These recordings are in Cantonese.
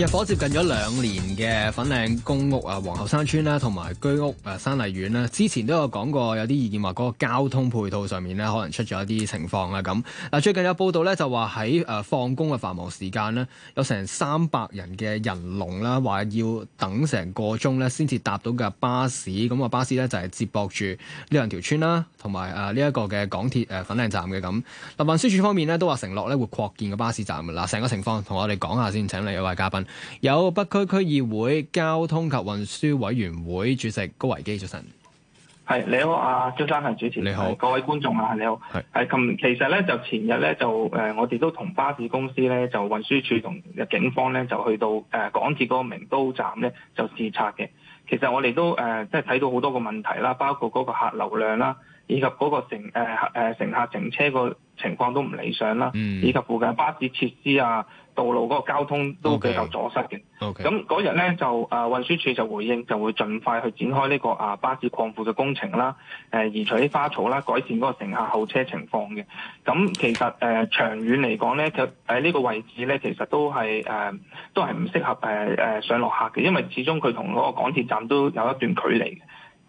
入伙接近咗兩年嘅粉嶺公屋啊，皇后山邨啦，同埋居屋啊，山麗苑啦，之前都有講過，有啲意見話嗰個交通配套上面咧，可能出咗一啲情況啊。咁嗱，最近有報道咧，就話喺誒放工嘅繁忙時間咧，有成三百人嘅人龍啦，話要等成個鐘咧先至搭到嘅巴士，咁個巴士咧就係接駁住呢兩條村啦。同埋誒呢一個嘅港鐵誒粉嶺站嘅。咁，運輸署方面咧都話承諾咧會擴建個巴士站嘅。嗱，成個情況同我哋講下先。請你，有位嘉賓，有北區區議會交通及運輸委員會主席高維基早晨。係，你好，阿張生係主持。你好，各位觀眾啊，是你好。係，咁其實咧就前日咧就我哋都同巴士公司咧，就運輸署同警方咧，就去到、呃、港鐵嗰個名都站咧，就視察嘅。其實我哋都誒，即係睇到好多個問題啦，包括嗰個客流量啦。嗯以及嗰個乘誒誒乘客乘車個情況都唔理想啦，嗯、以及附近巴士設施啊、道路嗰個交通都比較阻塞嘅。咁嗰日咧就運輸處就回應，就會盡快去展開呢個啊巴士擴闊嘅工程啦。誒移除啲花草啦，改善嗰個乘客候車情況嘅。咁其實誒、呃、長遠嚟講咧，喺呢個位置咧，其實都係、呃、都係唔適合、呃、上落客嘅，因為始終佢同嗰個港鐵站都有一段距離。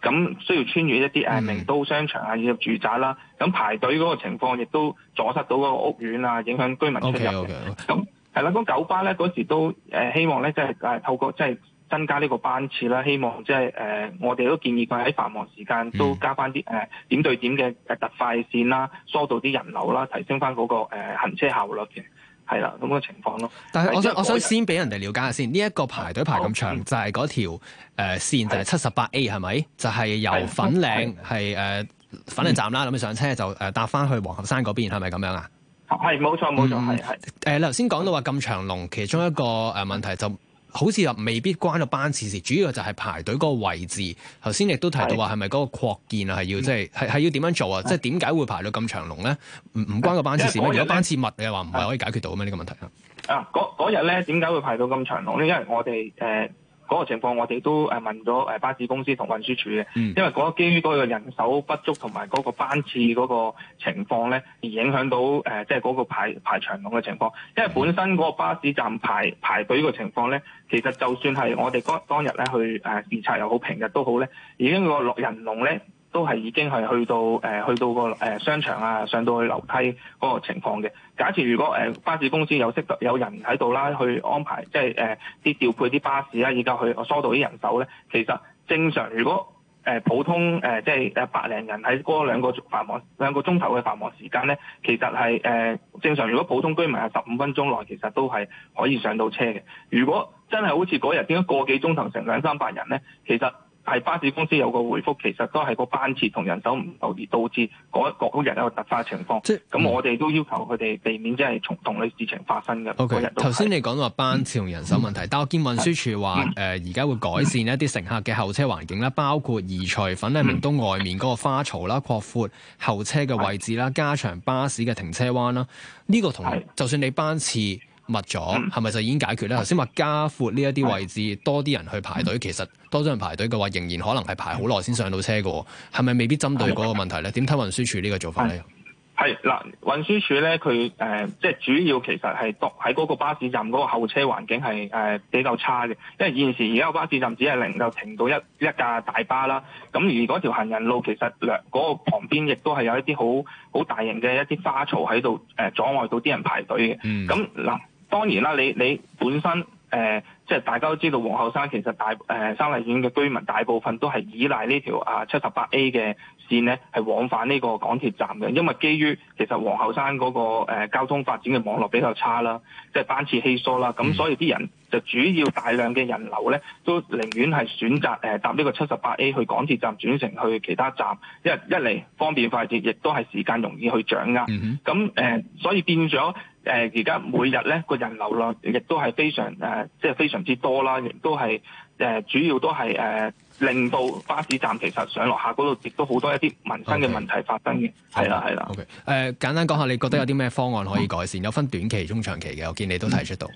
咁需要穿越一啲誒名都商場啊，以及住宅啦，咁排隊嗰個情況亦都阻塞到嗰個屋苑啊，影響居民出入。OK OK。咁係啦，咁九巴咧嗰時都誒希望咧，即係誒透過即係增加呢個班次啦，希望即係誒我哋都建議佢喺繁忙時間都加翻啲誒點對點嘅誒特快線啦，疏導啲人流啦，提升翻嗰個誒行車效率嘅。係啦，咁嘅情況咯。但係，我想我想先俾人哋了解下先。呢一個排隊排咁長，就係嗰條誒線就係七十八 A 係咪？就係由粉嶺係粉嶺站啦，咁上車就誒搭翻去皇后山嗰邊，係咪咁樣啊？係冇錯，冇錯，係係。誒，你頭先講到話咁長龍，其中一個誒問題就。好似又未必關個班次事，主要就係排隊嗰個位置。頭先亦都提到話，係咪嗰個擴建啊，係要即係係要點樣做啊？的即係點解會排到咁長龍咧？唔唔關個班次事咩？如果班次密話，你又話唔係可以解決到咩呢的個問題啊？啊，嗰日咧，點解會排到咁長龍咧？因為我哋誒。呃嗰個情況，我哋都誒問咗誒巴士公司同運輸署嘅，因為嗰個基於嗰個人手不足同埋嗰個班次嗰個情況咧，而影響到誒即係嗰個排排長龍嘅情況。因為本身嗰個巴士站排排隊嘅情況咧，其實就算係我哋當日咧去誒調查又好，平日都好咧，已經個落人龍咧。都係已經係去到誒、呃，去到個誒、呃、商場啊，上到去樓梯嗰個情況嘅。假設如果誒、呃、巴士公司有識得有人喺度啦，去安排即係誒啲調配啲巴士啦、啊，而家去疏導啲人手咧，其實正常如果誒、呃、普通誒、呃、即係百零人喺嗰兩個繁忙兩個鐘頭嘅繁忙時間咧，其實係誒、呃、正常。如果普通居民係十五分鐘內，其實都係可以上到車嘅。如果真係好似嗰日點解個幾鐘頭成兩三百人咧，其實～係巴士公司有個回覆，其實都係個班次同人手唔夠而導致嗰一個人一個突發情況。即係咁，我哋都要求佢哋避免即係重同類事情發生嘅。O K，頭先你講到話班次同人手問題，但我見運輸署話誒而家會改善一啲乘客嘅候車環境啦，包括移除粉嶺，明東外面嗰個花槽啦，擴闊候車嘅位置啦，加長巴士嘅停車灣啦。呢個同就算你班次密咗係咪就已經解決咧？頭先話加闊呢一啲位置，嗯、多啲人去排隊，嗯、其實多咗人排隊嘅話，仍然可能係排好耐先上到車嘅，係咪、嗯、未必針對嗰個問題咧？點睇、嗯、運，運輸署呢個做法咧？係嗱，運輸署咧佢即係主要其實係當喺嗰個巴士站嗰個候車環境係、呃、比較差嘅，因為現時而家個巴士站只係能夠停到一一架大巴啦。咁而條行人路其實嗰個旁邊亦都係有一啲好好大型嘅一啲花槽喺度誒阻礙到啲人排隊嘅。咁嗱、嗯。當然啦，你你本身誒、呃，即係大家都知道皇后山其實大誒、呃，山麗苑嘅居民大部分都係依賴、呃、呢條啊七十八 A 嘅線咧，係往返呢個港鐵站嘅。因為基於其實皇后山嗰、那個、呃、交通發展嘅網絡比較差啦，即、就、係、是、班次稀疏啦，咁、mm hmm. 所以啲人就主要大量嘅人流咧，都寧願係選擇誒、呃、搭呢個七十八 A 去港鐵站轉乘去其他站，因為一一嚟方便快捷，亦都係時間容易去掌握。咁誒、mm hmm. 呃，所以變咗。誒而家每日咧個人流量亦都係非常誒、呃，即係非常之多啦，亦都係誒、呃、主要都係誒、呃、令到巴士站其實上落客嗰度亦都好多一啲民生嘅問題發生嘅，係啦係啦。OK，誒、呃、簡單講下，你覺得有啲咩方案可以改善？嗯、有分短期、中長期嘅，我見你都提出到。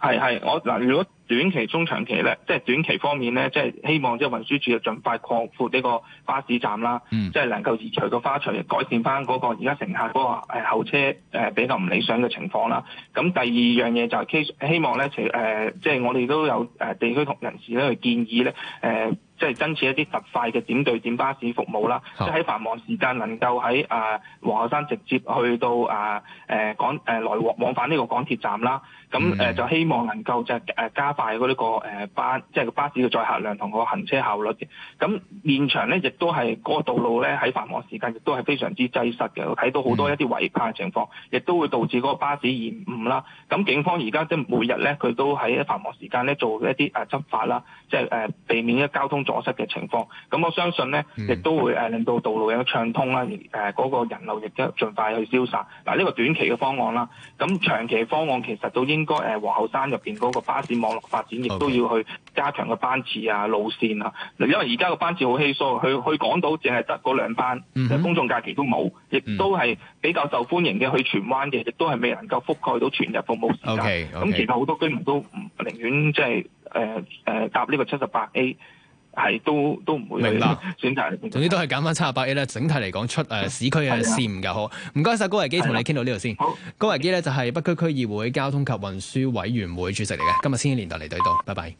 係係、嗯，我嗱、呃、如果。短期、中長期咧，即係短期方面咧，即係希望即係運輸署啊，儘快擴闊呢個巴士站啦，mm. 即係能夠移除個花場，改善翻嗰個而家乘客嗰個誒候車誒、呃、比較唔理想嘅情況啦。咁第二樣嘢就係希望咧，除、呃、即係我哋都有誒地區同人士咧去建議咧，誒、呃、即係爭取一啲特快嘅點對點巴士服務啦，即係喺繁忙時間能夠喺啊、呃、皇后山直接去到啊誒、呃、港誒、呃、來往往返呢個港鐵站啦。咁誒、mm. 呃、就希望能夠就誒、呃、加快嗰呢個誒巴，即係個巴士嘅載客量同個行車效率嘅。咁現場咧亦都係嗰、那個道路咧喺繁忙時間亦都係非常之擠塞嘅，睇到好多一啲違泊嘅情況，亦都會導致嗰個巴士延誤啦。咁警方而家即係每日咧佢都喺繁忙時間咧做一啲誒、啊、執法啦，即係誒、啊、避免一交通阻塞嘅情況。咁我相信咧、嗯、亦都會誒、啊、令到道路有啲暢通啦，誒嗰個人流亦都盡快去消散。嗱、啊、呢、這個短期嘅方案啦，咁長期方案其實都應該誒皇后山入邊嗰個巴士網絡。發展亦都要去加強嘅班次啊、路線啊，因為而家嘅班次好稀疏，去去港島淨係得嗰兩班，就、mm hmm. 公眾假期都冇，亦都係比較受歡迎嘅去荃灣嘅，亦都係未能夠覆蓋到全日服務時間。咁 Okay, okay. 其實好多居民都唔寧願即係誒誒搭呢個七十八 A。係都都唔會選擇。總之都係減翻七十八億咧。整體嚟講出誒、呃、市區係唔嘅。的好唔該晒，高維基，同你傾到呢度先。高維基咧就係北區區議會交通及運輸委員會主席嚟嘅。今日先年代嚟到，拜拜。